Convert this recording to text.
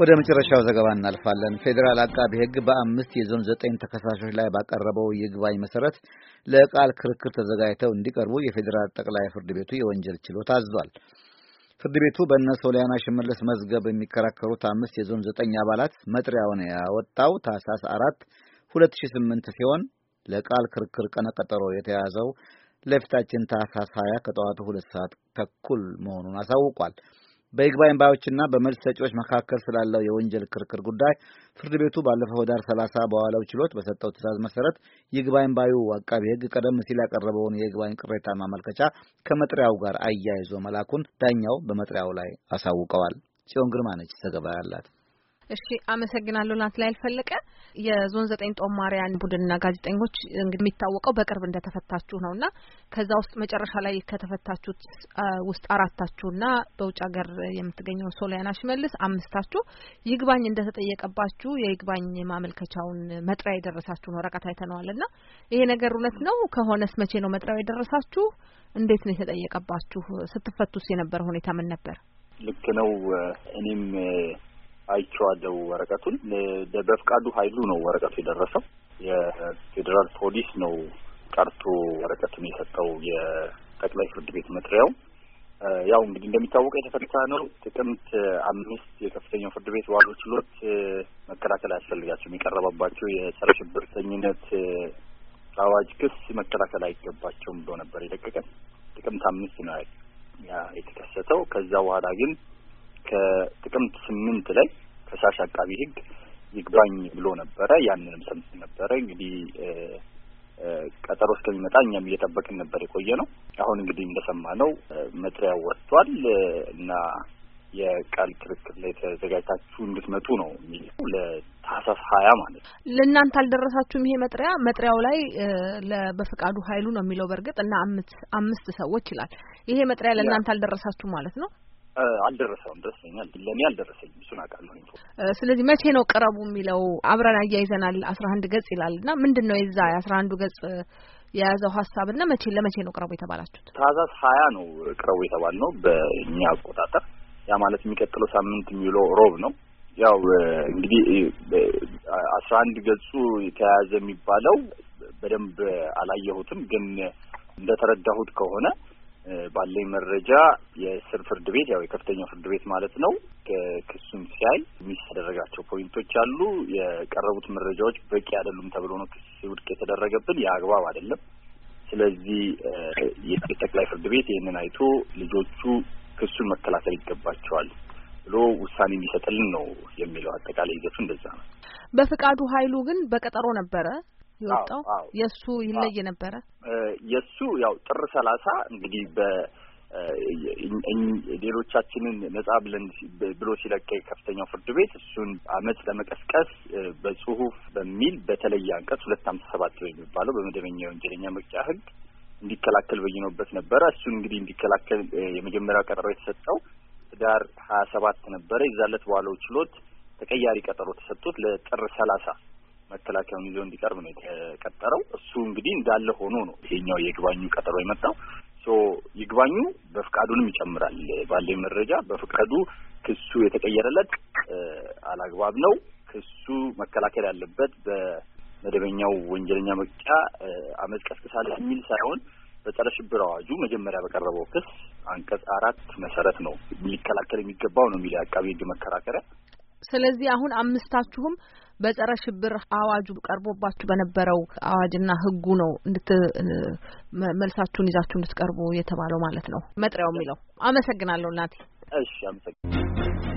ወደ መጨረሻው ዘገባ እናልፋለን። ፌዴራል አቃቢ ሕግ በአምስት የዞን ዘጠኝ ተከሳሾች ላይ ባቀረበው ይግባኝ መሰረት ለቃል ክርክር ተዘጋጅተው እንዲቀርቡ የፌዴራል ጠቅላይ ፍርድ ቤቱ የወንጀል ችሎት አዟል። ፍርድ ቤቱ በእነ ሶሊያና ሽመለስ መዝገብ የሚከራከሩት አምስት የዞን ዘጠኝ አባላት መጥሪያውን ያወጣው ታህሳስ አራት ስምንት ሲሆን ለቃል ክርክር ቀነ ቀጠሮ የተያዘው ለፊታችን ታህሳስ 20 ከጠዋቱ ሁለት ሰዓት ተኩል መሆኑን አሳውቋል። በይግባኝ ባዮችና በመልስ ሰጪዎች መካከል ስላለው የወንጀል ክርክር ጉዳይ ፍርድ ቤቱ ባለፈው ኅዳር 30 በዋለው ችሎት በሰጠው ትዕዛዝ መሰረት ይግባኝ ባዩ አቃቢ ህግ ቀደም ሲል ያቀረበውን የይግባኝ ቅሬታ ማመልከቻ ከመጥሪያው ጋር አያይዞ መላኩን ዳኛው በመጥሪያው ላይ አሳውቀዋል። ጽዮን ግርማ ነች ዘገባ ያላት። እሺ አመሰግናለሁ። ላይ ፈለቀ የዞን ዘጠኝ ጦማሪያን ቡድንና ጋዜጠኞች እንግዲህ የሚታወቀው በቅርብ እንደተፈታችሁ ነው እና ከዛ ውስጥ መጨረሻ ላይ ከተፈታችሁት ውስጥ አራታችሁና በውጭ ሀገር የምትገኘው ሶሊያና ሽመልስ አምስታችሁ ይግባኝ እንደተጠየቀባችሁ የይግባኝ ማመልከቻውን መጥሪያ የደረሳችሁን ወረቀት አይተነዋል እና ይሄ ነገር እውነት ነው ከሆነስ መቼ ነው መጥሪያው የደረሳችሁ? እንዴት ነው የተጠየቀባችሁ? ስትፈቱስ የነበረ ሁኔታ ምን ነበር? ልክ ነው። እኔም አይቼዋለሁ ወረቀቱን። በፍቃዱ ኃይሉ ነው ወረቀቱ የደረሰው። የፌዴራል ፖሊስ ነው ቀርቶ ወረቀቱን የሰጠው የጠቅላይ ፍርድ ቤት መጥሪያው። ያው እንግዲህ እንደሚታወቀው የተፈታ ነው። ጥቅምት አምስት የከፍተኛው ፍርድ ቤት ዋሉ ችሎት መከላከል አያስፈልጋቸውም። የቀረበባቸው የጸረ ሽብርተኝነት አዋጅ ክስ መከላከል አይገባቸውም ብሎ ነበር የለቀቀን። ጥቅምት አምስት ነው የተከሰተው። ከዛ በኋላ ግን ከጥቅምት ስምንት ላይ ከሳሽ አቃቢ ህግ ይግባኝ ብሎ ነበረ። ያንንም ሰምት ነበረ እንግዲህ ቀጠሮ እስከሚመጣ እኛም እየጠበቅን ነበር የቆየ ነው። አሁን እንግዲህ እንደሰማ ነው መጥሪያ ወጥቷል እና የቃል ክርክር ላይ ተዘጋጅታችሁ እንድትመጡ ነው የሚለው ለታህሳስ ሀያ ማለት ነው። ለእናንተ አልደረሳችሁም ይሄ መጥሪያ። መጥሪያው ላይ በፈቃዱ ኃይሉ ነው የሚለው በእርግጥ እና አምስት ሰዎች ይላል። ይሄ መጥሪያ ለእናንተ አልደረሳችሁ ማለት ነው። አልደረሰውም። ደረሰኛል ለእኔ አልደረሰኝም። እሱን አውቃለሁ። ስለዚህ መቼ ነው ቅረቡ የሚለው አብረን አያይዘናል። አስራ አንድ ገጽ ይላል እና ምንድን ነው የዛ የአስራ አንዱ ገጽ የያዘው ሀሳብ እና መቼ ለመቼ ነው ቅረቡ የተባላችሁት? ታህሳስ ሀያ ነው ቅረቡ የተባል ነው በእኛ አቆጣጠር። ያ ማለት የሚቀጥለው ሳምንት የሚውለው ሮብ ነው። ያው እንግዲህ አስራ አንድ ገጹ የተያያዘ የሚባለው በደንብ አላየሁትም፣ ግን እንደተረዳሁት ከሆነ ባለኝ መረጃ የስር ፍርድ ቤት ያው የከፍተኛው ፍርድ ቤት ማለት ነው ክሱን ሲያይ ሚስ ያደረጋቸው ፖይንቶች አሉ። የቀረቡት መረጃዎች በቂ አይደሉም ተብሎ ነው ክስ ውድቅ የተደረገብን። የአግባብ አይደለም። ስለዚህ የጠቅላይ ፍርድ ቤት ይህንን አይቶ ልጆቹ ክሱን መከላከል ይገባቸዋል ብሎ ውሳኔ የሚሰጥልን ነው የሚለው። አጠቃላይ ይዘቱ እንደዛ ነው። በፍቃዱ ኃይሉ ግን በቀጠሮ ነበረ የወጣው የእሱ ይለይ ነበረ። የእሱ ያው ጥር ሰላሳ እንግዲህ በ ሌሎቻችንን ነጻ ብለን ብሎ ሲለቀ ከፍተኛው ፍርድ ቤት እሱን አመፅ ለመቀስቀስ በጽሁፍ በሚል በተለየ አንቀጽ ሁለት አምሳ ሰባት የሚባለው በመደበኛ የወንጀለኛ መቅጫ ህግ እንዲከላከል በይኖበት ነበረ። እሱን እንግዲህ እንዲከላከል የመጀመሪያው ቀጠሮ የተሰጠው ህዳር ሀያ ሰባት ነበረ። ይዛለት በኋላው ችሎት ተቀያሪ ቀጠሮ ተሰጥቶት ለጥር ሰላሳ መከላከያውን ይዞ እንዲቀርብ ነው የተቀጠረው። እሱ እንግዲህ እንዳለ ሆኖ ነው ይሄኛው የግባኙ ቀጠሮ የመጣው። ሶ ይግባኙ በፍቃዱንም ይጨምራል። ባለኝ መረጃ በፍቃዱ ክሱ የተቀየረለት አላግባብ ነው። ክሱ መከላከል ያለበት በመደበኛው ወንጀለኛ መቅጫ አመፅ ቀስቅሳለሁ የሚል ሳይሆን በጸረ ሽብር አዋጁ መጀመሪያ በቀረበው ክስ አንቀጽ አራት መሰረት ነው ሊከላከል የሚገባው ነው የሚል የአቃቢ ሕግ መከራከሪያ። ስለዚህ አሁን አምስታችሁም በጸረ ሽብር አዋጁ ቀርቦባችሁ በነበረው አዋጅና ህጉ ነው እንድት መልሳችሁን ይዛችሁ እንድትቀርቡ የተባለው ማለት ነው መጥሪያው የሚለው። አመሰግናለሁ እናቴ። እሺ አመሰግናለሁ።